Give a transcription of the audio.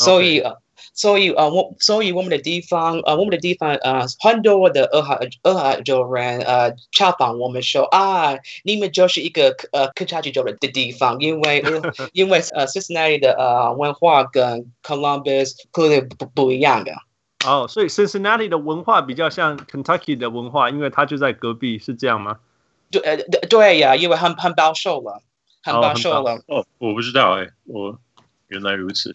所以、Okay. 啊，所以，啊、我所以我們的地方，啊、我們的地方好、啊、多的俄亥俄州人，呃、啊，方便我哋 show 啊！你們就是一個呃 Kentucky 州人嘅地方，因為、呃、 因為呃 Cincinnati 的呃文化跟 Columbus 絕對不不，不一樣的。哦、Oh,，所以 Cincinnati 的文化比較像 Kentucky 的文化，因為它就在隔壁，是這樣嗎？對，對呀、啊，因為很很保守啦，很保守啦、Oh,。哦，我不知道誒、欸，我原來如此。